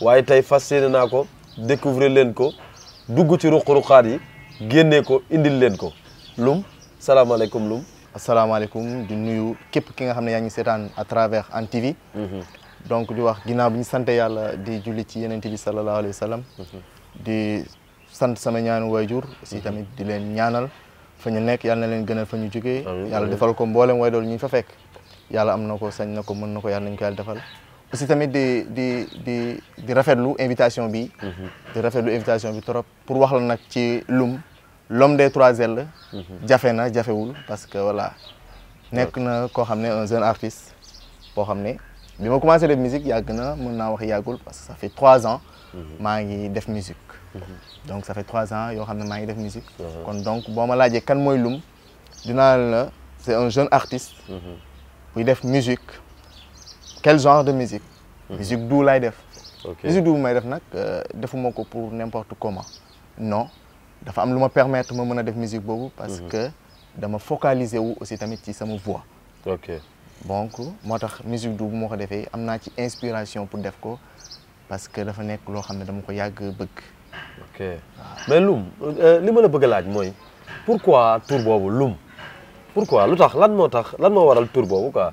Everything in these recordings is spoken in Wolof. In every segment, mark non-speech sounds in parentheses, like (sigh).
waaye tey fas yéene naa ko découvrir leen ko dugg ci ruq-ruqaat yi génnee ko indil leen ko lum salaamaaleykum lum asalaamaaleykum di nuyu képp ki nga xamné ne yaa ngi seetaan à travers Hann TV mhm. donc di wax ginnaaw bi ñu sant yàlla di julli ci yenente bi sallalahu alayhi wa hmm di sante sama ñaanu waajur aussi mhm. tamit di len ñaanal fa ñu nekk yàlla na len gënal fa ñu jógee yàlla defal ko mboolem way dool ñu fa fekk yalla am na ko sañ na ko mën na ko yàlla ko yàlla defal aussi tamit de de de de rafetlu invitation bi. Mhm. de rafetlu invitation bi trop pour wax la nag ci lum l'homme des trois L. Mhm. jafe na jafewul parce que voilà nek na ko xamné un jeune artiste bo xamné bima commencé def musique yàgg na mën naa wax Yagoul parce que ça fait trois ans. Mhm. ma ngi def musique. donc ça fait trois ans yo xamné ma ngi def musique. kon donc boo ma laajee kan mooy lum dinaa la c'est un jeune artiste. buy def musique quel genre de musique mhm. musique duu laay def musique duu may def nak euh, defuma pour n'importe comment non dafa am luma permettre ma mën def musique bobu parce mhm. que dama focaliser wu aussi tamit ci sama voix ok donc moo tax musique du bu defé amna ci inspiration pour def ko parce que dafa nek lo xamné dama ko yag bëgg ok mais Loum euh, li ma la bëgg laaj moy pourquoi tour bobu Loum pourquoi lutax lan motax lan mo waral tour bobu quoi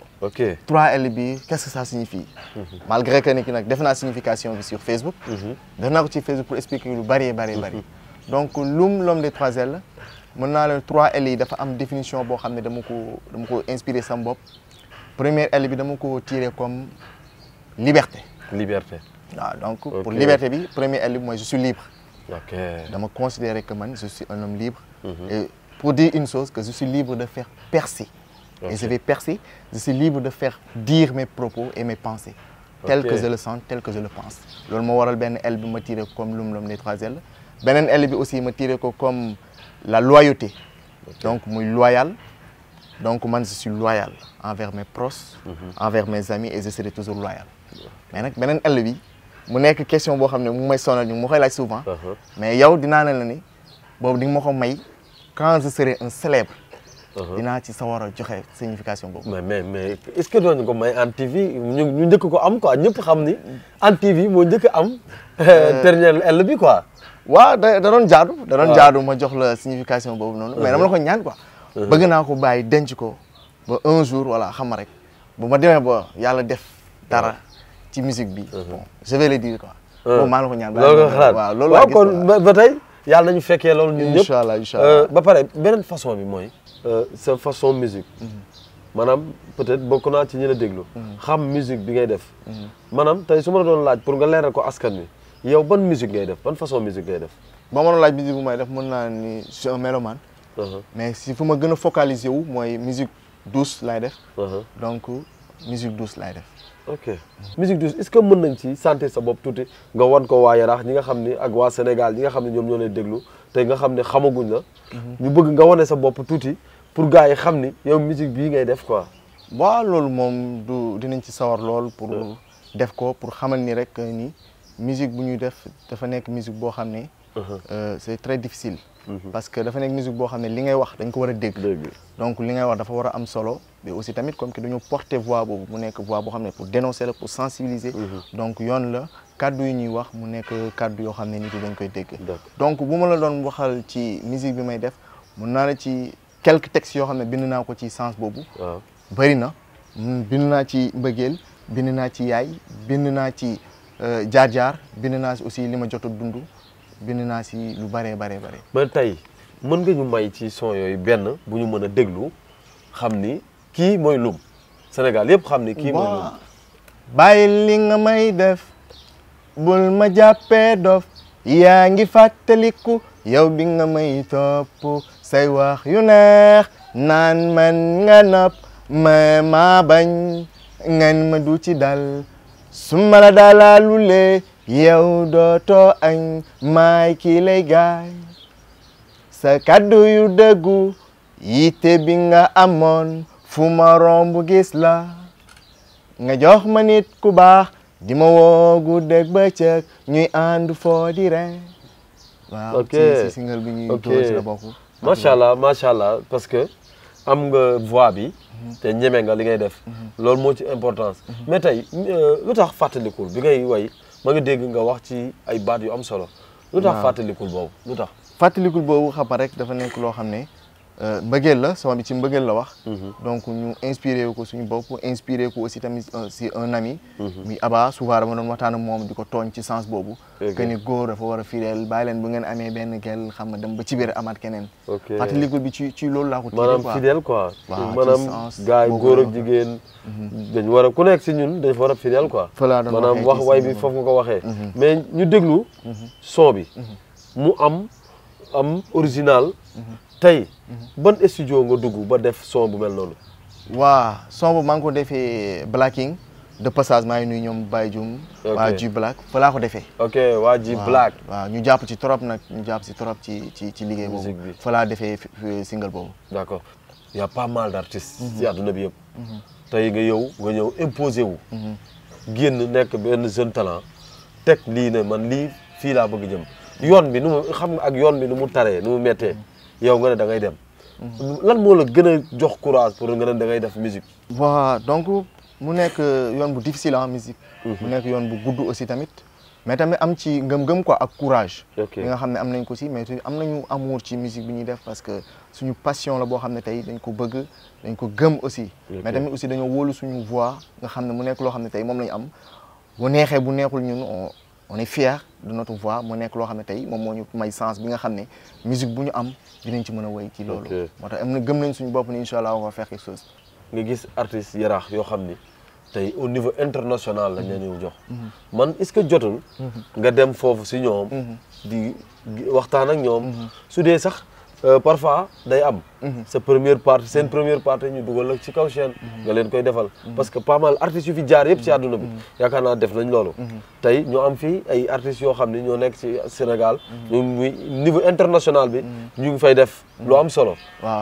3 LB, qu'est-ce que ça signifie. Mhm. malgré que ni ki une signification sur Facebook. je mhm. naa ci Facebook pour expliquer lu bëree mhm. donc l'homme des 3L maintenant le 3L dafa définition qui m'a inspiré Le première L je dama tiré comme liberté. liberté. donc pour liberté le première L moi je suis libre. Je me considérer que man je suis un homme libre. et pour dire une chose que je suis libre de faire percer. Et je vais percer. Je suis libre de faire dire mes propos et mes pensées. Okay. que je le sens, tel que je le pense. Donc je waral dire elle bi ma comme l'homme des les trois ailes beneen elle aussi ma comme la loyauté. donc suis loyal. donc je suis loyal envers mes proches. Mhm. envers mes amis et je serai toujours loyal. mais ben, elle, elle bi mu question boo me ne may sonal souvent. Uh-huh. mais yow dinaa ne ni quand je serai un célèbre. Uh-huh. dinaa ci sawar joxe signification boobu. mais mais mais est que doon ko may Hann TV ñu ñu ko am quoi ñëpp xam ni Hann moo njëkk am. Euh, (laughs) dernière bi quoi. waa da da jaadu. da doon ma jox la signification boobu noonu. mais dama la uh-huh. ko ñaan quoi. Uh-huh. bëgg naa ko bàyyi denc ko ba un jour voilà xam ma rek bu ma demee ba yàlla def dara ci musique bi. bon je vais le dire quoi. bon maa la ko ñaan. loolu xalaat loolu laa gis ba tey yàlla nañu fekkee loolu. ñun ñëpp incha allah incha allah euh, ba pare beneen façon bi mooy. Euh, sa façon musique mm-hmm. maanaam peut-être bokk naa ci ñi la déglu mm-hmm. xam musique bi ngay def mm-hmm. maanaam tey su ma la doon laaj pour nga leeral ko askan wi yow ban musique ngay def ban façon musique ngay def ba ma a laaj musique bu may def mën naa ni je suis un mélomane uh-huh. mais si fu ma gën a focaliser wu mooy musique douce laay def uh-huh. donc musique douce laay def ok musique douce est-ce que mën nañ ci santé sa bopp tuuti nga wan ko waa Yaraax ñi nga xam ni ak waa Sénégal ñi nga xam ne ñoom ñoo lay déglu te nga xam ne xamaguñ la ñu bëgg nga wane sa bopp tuuti pour gars yi xam yow musique bii ngay def quoi. waaw loolu moom du dinañ ci sawar lool. pour def ko pour xamal ni rek ni musique bu ñuy def dafa nekk musique boo xam ne. Uh-huh. Euh, c'est très difficile. Mm-hmm. parce que dafa nekk musique boo xam ne li ngay wax dañ ko war a donc li ngay wax dafa war am solo. mais aussi tamit comme que dañoo porter voix boobu mu nekk voix boo xam pour dénoncer la pour sensibiliser. Mm-hmm. donc yoon la kàddu yi ñuy wax mu nekk kàddu yoo xam ne nit yi dañ koy dégg. donc bu ma la doon waxal ci musique bi may def mun naa la ci. quelques textes yoo xam ne bind naa ko ci sens boobu. bëri na bind naa ci mbëggeel bind naa ci yaay bind naa ci euh, jaar-jaar bind naa si aussi li ma jot a dund bind naa si lu bëree bare bëri. ba tey mën nga ñu may ci son yooyu benn bu ñu mën a déglu xam ni kii mooy lum Sénégal yëpp xam ni kii mooy lum. bàyyi li nga may def bul ma jàppee dof yaa ngi fàttaliku yow bi nga may topp. yu neex nan man nganap ma ma bañ ngan ma du ci dal suma la dalalule yow dootoo añ may ki lay gaay sa kaddu yu dëggu yitte bi nga amone fu ma rombu gis la nga jox ma nit ku baax di ma ñuy and fo di single macha allah macha allah parce que am nga voix bi. Mhm. te ñeme nga li ngay def. Mhm. loolu moo ci importance. Mhm. mais tey euh, lu tax fàttalikul bi ngay way ma ngi dégg nga wax ci ay baat yu am solo. lu tax fàttalikul boobu lu tax. fàttalikul boobu xam rek dafa nekk loo xam ne. Euh, mbëggeel la son bi ci mbëggeel la wax mhm. donc ñu inspiré ko suñu bopp inspiré ko aussi tamit euh, si un ami mhm. muy Aba souvent dama doon moom di ko tooñ ci sens boobu que ni góor dafa war a fidèle bàyyi leen bu ngeen amee benn gel xam nga dem ba ci biir amaat keneen fàttalikul bi ci ci loolu laa ko tiré maanaam fidèle quoi maanaam góor ak jigéen mhm. dañ war a ku nekk si ñun dañ fa war a fidèle quoi maanaam wax way bi foofu nga ko waxee mais ñu déglu son bi mu am am original tey mhm. ban studio nga dugg ba def son bu mel noonu. waa son bu maa ko defee Blacking de passage maa ngi nuyu ñoom Baye Dioum. waa ji Black fa ko defee. ok waa ji Black. ñu jàpp ci trop nag ñu jàpp si trop ci ci ci liggéey boobu. musique bi fa defee single boobu. d' accord y' a pas mal d' artistes. Mhm. ci bi yëpp. Mhm. tey nga yow nga ñëw imposé wu. nekk benn jeune talent teg lii ne man lii fii laa bëgg jëm. yoon bi nu mu xam ak yoon bi nu mu taree nu mu mettee yow nga ne da ngay dem. lan moo la gën a jox courage pour nga ne da ngay def musique. waaw donc mu nekk yoon bu difficile en musique. Mhm. mu nekk yoon bu gudd aussi tamit. mais tamit am ci ngëm-ngëm quoi ak courage. li nga xam ne am nañ ko si mais am nañu amour ci musique bi ñuy def parce que suñu passion la boo xam ne tey dañ ko bëgg dañ ko gëm aussi. mais tamit aussi dañoo wóolu suñu voix nga xam ne mu nekk loo xam ne tey moom lañu am bu neexee bu neexul ñun on est fier de notre voix mu nekk loo xam ne tey moom moo ñu may sens bi nga xam musique bu am dinañ ci mën a woy ci loolu moo tax am na gëm nañ suñu bopp ni incha allah on va faire quelque chose nga gis artistes yaraax yo xam ni au niveau international la ñu jox mhm. man est-ce que jotul mhm. nga dem foofu si ñoom mhm. di waxtaan ak ñoom su dee sax Euh, parfois day am. Mhm. sa première partie seen première partie ñu dugal la ci kaw chaîne. Mhm. nga leen koy defal mhm. parce que pas mal artistes yu fi jaar yëpp ci àdduna bi. yaakaar naa def nañ loolu. tey ñu am fii ay artistes yoo xam ne ñoo nekk ci Sénégal. ñu niveau international bi. ñu ngi fay def loo am solo.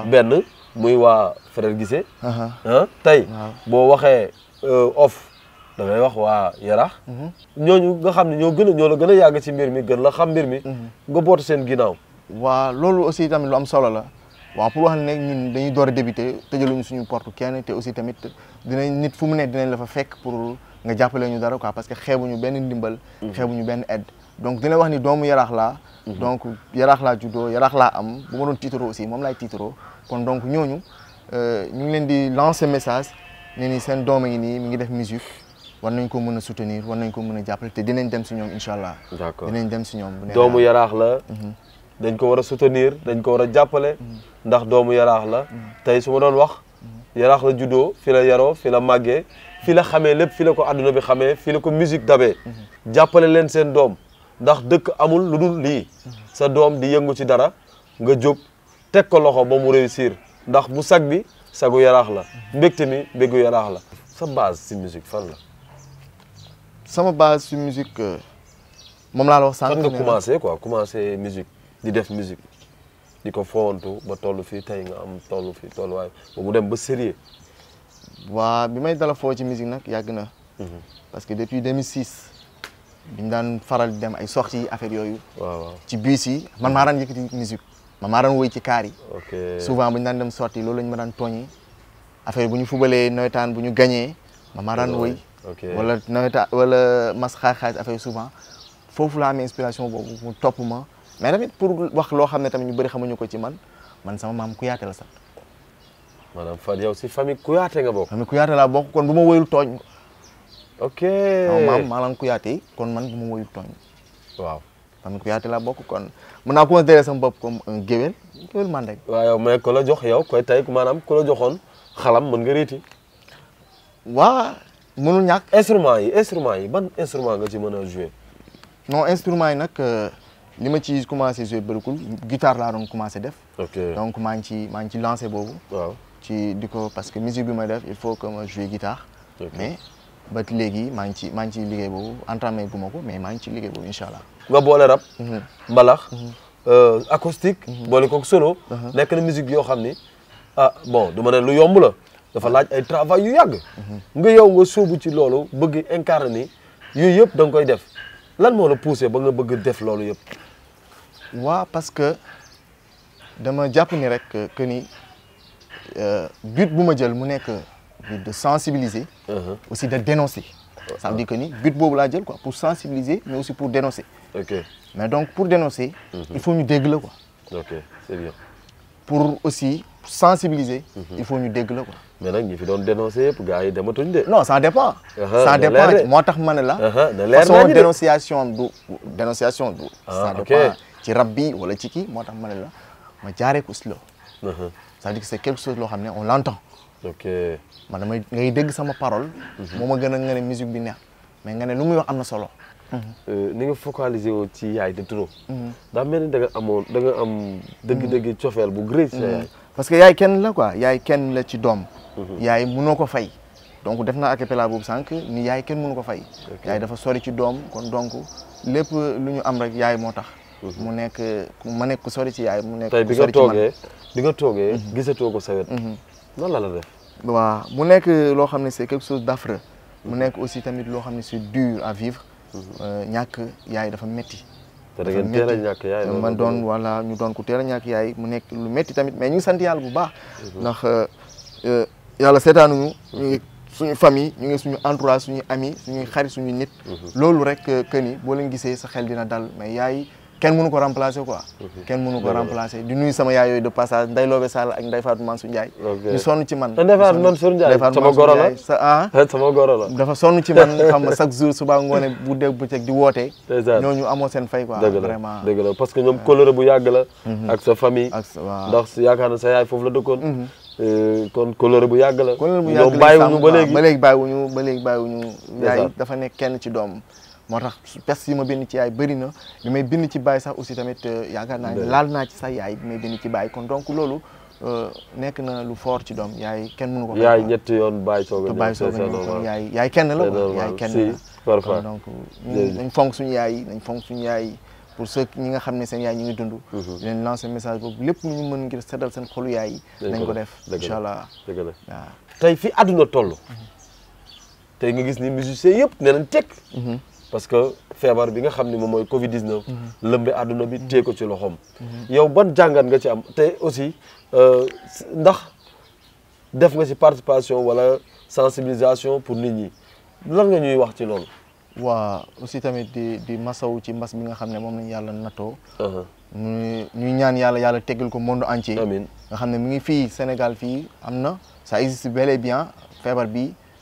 benn muy waa Frère gise ah tey boo waxee euh, off. dangay wax waa Yarax. ñooñu nga xam ne ñoo gën a ñoo la gën a yàgg ci mbir mi gën la xam mbir mi. nga boot seen ginnaaw. waa loolu aussi tamit lu am solo la wa pour wax ne ñun dañuy door a débuté tëjaluñu suñu porte kenn té aussi tamit dinañ nit fu mu ne dinañ la fa fekk pour nga jappalé ñu dara quoi parce que xébuñu ben ndimbal. Mm-hmm. xébuñu ben aide. donc dina wax ni doomu yarax la mm-hmm. donc yarax la judo yarax la am bu ma don tiitaroo aussi mom lay tiitaroo kon donc ñoñu euh ñu ngi leen di lancer message ne ni seen doom yi ni mi ngi def musique. war nañ ko mën a soutenir war nañ ko mën a jàppale te dinañ dem si ñoom incha allah. d'accord dinañ dem si ñoom. doomu yarax la. Mm-hmm. dañ ko war a soutenir dañ ko war a jàppale ndax doomu yaraax la tey su ma doon wax yaraax la juddoo fi la yaroo fi la màggee fi la xamee lépp fi la ko àdduna bi xamee fi la ko musique dabee jàppale leen seen doom ndax dëkk amul lu dul lii sa doom di yëngu ci dara nga jóg teg ko loxo ba mu réussir ndax mu sag bi sagu yaraax la mbégte mi mbégu yaraax la sa base si musique fan la sama base si musique euh, moom laa la wax sànq fan nga commencé quoi commencé musique di def musique di ko fowantu ba toll fii tey nga am toll fii tolluwaay ba mu dem ba sérieux waa bi may dala foo ci musique nag yàgg na mhm. parce que depuis 2006 biñu daan faral di dem ay sorties affaire yooyu ci bus si man maa daan yëkkati musique man maa woy ci kaar souvent bu ñu daan dem sortie loolu lañu ma daan tooñee affaire bu ñu fubalee nawetaan bu ñu gañee man maa daan woy wala nawetaan wala mas xaar xaalis souvent foofu laa amee inspiration boobu mu topp ma mais tamit pour wax loo xam ne tamit ñu bëri xamuñu ko ci man man sama maam Kuyaate la sax. maanaam Fane yow si famille Kuyaate nga bokk. famille Kuyaate laa bokk kon kon man bu ma woyul tooñ. waaw famille Kuyaate mën naa considérer sama bopp comme un géwél géwél Mandeng. waaw yow jox yow koy tey maanaam ku la joxoon xalam mën nga réeti. waa mënul ñàkk. instrument yi instrument yi ban instrument yi nag. Euh, li ma ci commencé jouer bërikul guitare laa doon commencé def donc maa ngi ci maa ngi ci lancé bobu. ci di parce que musique bi may def il faut que ma jouer guitare mais bat légui maa ngi ci maa ngi ci liggéey boobu entamé gu mais maa ngi ci liggéey bobu inshallah. allah nga rap mhm. mbalax mhm. Euh, acoustique mhm. boole ko solo uh-huh. nek na musique yo xamné. ah bon du ma ne lu yomb la dafa laaj ay travail yu yàgg nga yow nga sóobu ci lolu, bëgg incarner yooyu yëpp koy def lan mo la pousser ba nga bëgg def lolu yëpp oui, parce que je me ni que le euh, but que jël mu de sensibiliser. Uh-huh. aussi de dénoncer. ça veut dire que ni but de quoi pour sensibiliser mais aussi pour dénoncer. mais donc pour dénoncer. Uh-huh. il faut nous dégg quoi. ok c'est bien. pour aussi sensibiliser. Uh-huh. il faut nous dégg quoi. mais il ñi fi dénoncer pour yëpp gars yi non ça dépend. ça dépend moo tax ma là la. façon dénonciation dénonciation du. ça ah, dépend ci rab bi wala ci kii moo tax ma ne la ma jaaree ko slow. Uh-huh. cest à que c'est quelque chose loo xam ne on l'entend. ok man damay ngay dégg sama parole. Uh-huh. moo ma gën a ne musique bi neex mais nga ne lu muy wax am na solo. Uh-huh. Euh, ni nga focaliser woo ci yaay de trop. daa mel ni da nga da nga am. dëgg-dëgg cofeel bu gré. parce que yaay kenn la quoi yaay kenn la ci doom. yaay mënoo ko fay. donc def na naa acapella boobu sànq ni yaay kenn mënu ko fay. yaay dafa sori ci doom kon donc lépp lu ñu am rek yaay moo tax. mu nekk ma nekk ku sori ci yaay mu nekk. tey bi nga toogee bi nga toogee. Mhm. gisatoo ko sa wet. Mhm. noonu la la def. waaw mu nekk loo xam ne c'est quelque chose d'affreux. mu nekk aussi tamit loo xam ne c'est dur à vivre. Mhm. Euh, ñàkk yaay dafa metti te da a ñàkk euh, man doon wala ñu doon ku teel a yaay mu nekk lu metti tamit mais ñu ngi sant yàlla bu baax. ndax euh, yàlla seetaanuñu. ñu ngi suñu famille ñu ngi suñu entourage suñu ami suñuy xar suñu nit. loolu rek que ni boo leen gisee sa xel dina dal mais yaay. kenn mënu ko remplacer quoi. Mhm. kenn mënu ko remplacer di nuyu sama yaay yooyu de passage Ndeye Lobé Sall ak Ndeye Fatou Mansour man. Ndeye Fatou Mansour Ndiaye ah? (laughs) sama goro la ah sama dafa sonn ci man (laughs) xam nga chaque jour suba ngoone bu dégg bëccëg di woote. ñooñu amoo seen fay quoi. vraiment dëgg la parce que ñoom coloré bu yàgg la. Mhm. ak sa famille. ak sa waaw ndax yaakaar na sa yaay foofu la dëkkoon. Mhm. Euh, kon coloré bu yàgg la. coloré bu yàgg ba ñoom bàyyiwuñu ba léegi ba léegi bàyyiwuñu ba léegi bàyyiwuñu yaay dafa nekk kenn ci doom moo tax pes yi ma bind ci yaay bëri na li may bind ci baay sax aussi tamit euh, yaakaar naa ne laal naa ci sax yaay bi may bind ci baay kon donc loolu euh, nekk na lu foor ci doom yaay kenn mënu ko. yaay ñetti yoon baay soog a ñëw yaay yaay kenn la kenn la donc nañ fonk suñu yaay nañ fonk suñu yaay pour ceux ñi nga xam ne seen yaay ñu ngi dund mhm. di leen lancer message boobu lépp lu ñu mën ngir seddal seen xolu yaay nañ ko def incha allah waaw tey fi àdduna toll mhm. tey nga gis ni musiciens yëpp nee nañ teg parce que feebar bi nga xam ne moom mooy Covid 19. Mhm. lëmbe àdduna bi mhm. téye ko ci loxoom. Mhm. yow ban jàngat nga ci am te aussi euh, ndax def nga ci participation wala sensibilisation pour nit ñi lan nga ñuy wax ci loolu. waa aussi tamit di di ci mbas bi nga xam ne moom lañu yàlla natoo. Uh-huh. ñuy ñaan yàlla yàlla tegal ko monde entier. amiin nga xam ne mi ngi fii Sénégal fii am na sa existe bel bien feebar bi.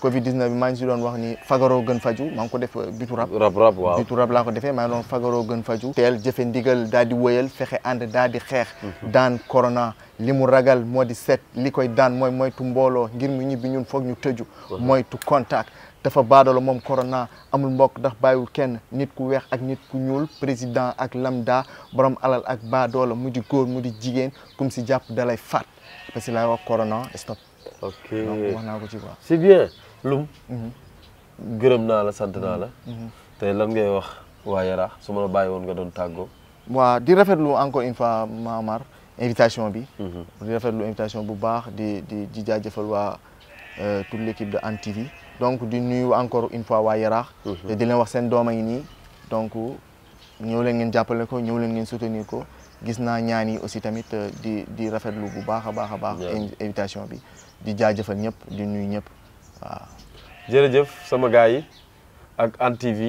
Covid 19 bi maa ngi si doon wax ni fagaroo gën faju maa ngi ko def euh, bitu rab rab rab waaw bitu rab laa ko defee maa ngi doon fagaroo gën faju teel jëfe ndigal daal di wëyal fexe ànd daal di xeex mhm. daan corona li mu ragal moo di set li koy daan mooy moytu mbooloo ngir mu ñibbi ñun foog ñu tëju tu contact dafa baadalo moom corona amul mbokk ndax bàyyiwul kenn nit ku weex ak nit ku ñuul président ak lambda borom alal ak baadoola mu di góor mu di jigéen kum si jàpp dalay faat parce naa ko ci quoi lum gërëm naa la sant naa la te lan ngay wax waa Yaraax su ma la bàyyi woon nga doon tàggoo waa di rafetlu encore une fois Mamar invitation bi mhm. di rafetlu invitation bu baax di di di jaajëfal waa euh, toute l'équipe de Hann donc di nuyu encore une fois waa Yaraax mhm. di leen wax seen doom a ngi nii donc ñëw leen ngeen jàppale ko ñëw leen ngeen soutenir ko gis naa ñaan yi aussi tamit euh, di di rafetlu bu baax a baax a baax invitation bi di jaajëfal ñëpp di nuyu ñëpp waaw jërëjëf sama gars yi ak Hann TV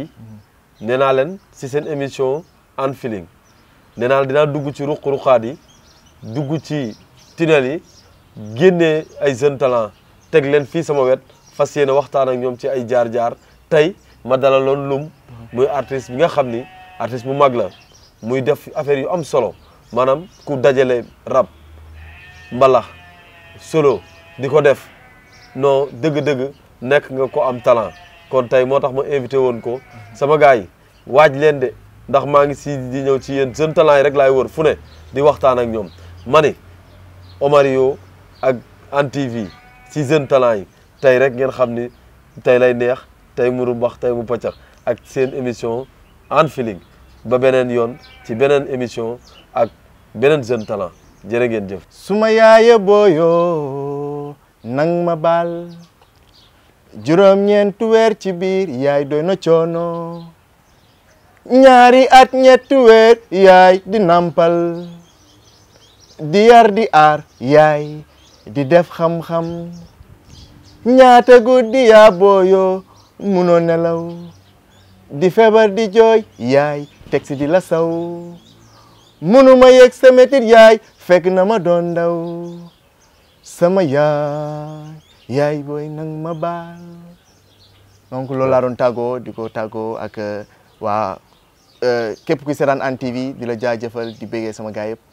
nee naa leen si seen émission Feeling nee naa dinaa dugg ci ruq-ruqaat yi dugg ci tunnel yi génnee ay jeunes talent teg leen fii sama wet fas yéene waxtaan ak ñoom ci ay jaar-jaar tey ma dalaloon lum muy artiste bi nga xam ni artiste bu mag la muy def affaire yu am solo manam ku dajale rap mbalax solo di ko def non dëgg-dëgg nekk nga ko am talent kon tey moo tax ma invité woon ko sama gars yi waaj leen de ndax maa ngi si di ñëw ci yéen jeune talent rek laay wër fu di waxtaan ak ñoom ma ni Omario ak Hann TV si jeune talent yi tey rek ngeen xam ni tey lay neex tey mu rumbax tey mu paccax ak seen émission Hann Feeling ba beneen yoon ci beneen émission ak beneen jeune talent jërë ngeen jëf. suma yaaya booyo nang ma baal juróom-ñeenti weer ci biir yaay doy na coono ñaari at ñetti weer yaay di nampal di yar di aar yaay di def xam-xam ñaata guddi yaa booyoo munoo nelaw di feebar di jooy yaay teg si di la saw munu ma yëg sa metit yaay fekk na ma doon ndaw sama yaay yaay booy nang ma baal donc loolu laa doon tàggoo di ko tàggoo ak waa euh, képp ku seetaan Hann TV di la jaajëfal di béggee sama gaay yëpp